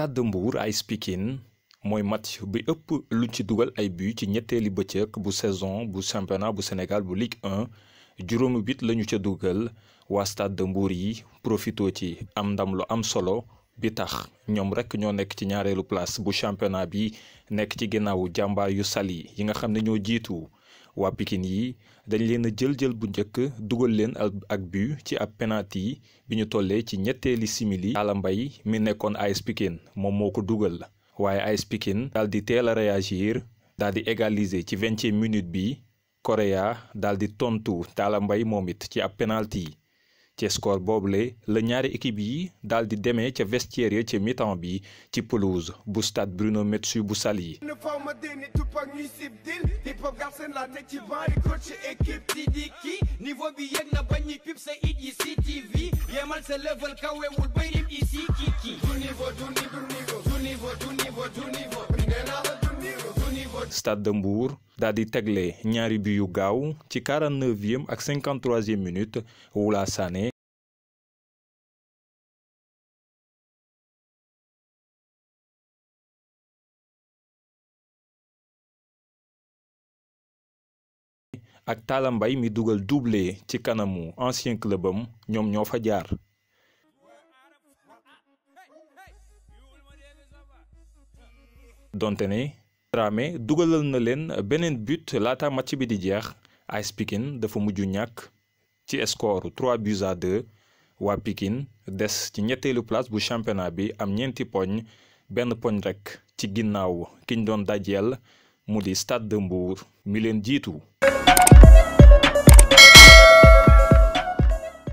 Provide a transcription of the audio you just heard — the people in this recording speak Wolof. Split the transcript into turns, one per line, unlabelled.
stade de Mbour AS Pikine mooy match bi ëpp lu ci dugal ay but ci ñetteeli bëccëg bu saison bu championnat bu Sénégal bu Ligue 1 juróomi bit lañu ca dugal waa stade de Mbour yi profitoo ci am ndam lu am solo bi tax ñoom rek ñoo nekk ci ñaareelu place bu championnat bi nekk ci ginnaawu jàmbaar yu Saly yi nga xam ne ñoo jiitu waa Pikine yi dañ leen a jël jël bu njëkk dugal leen ak bu ci ab penalty yi bi ñu tollee ci ñetteeli simili Talla mi nekkoon AS Pikine moom moo ko dugal la waaye AS Pikine daal di teel a réagir daal di égaliser ci vingtième minute bi Correa daldi tontu Talla Mbaye moom it ci ab penalty yi ci score Boblé, le ñaari équipe yi dal di démé et vestiaire ci mi-temps bi ci pelouse bu stade Bruno Metsu bu stade de Mbour daal di tegle ñaari bi yu gaaw ci 49e ak 53e minute Wula Sané ak Talla Mbaye mi dugal doublé ci kanamu ancien club am ñoom ñoo fa jaar. donte ne Dramé dugalal na leen beneen but laata match bi di jeex AS Pikine dafa mujj ñàkk ci score 3 buts à 2 waa Pikine des ci ñetteelu place bu championnat bi am ñeenti poñ benn poñ rekk ci ginnaaw kiñ doon dajeel mu di Stade de mi leen jiitu.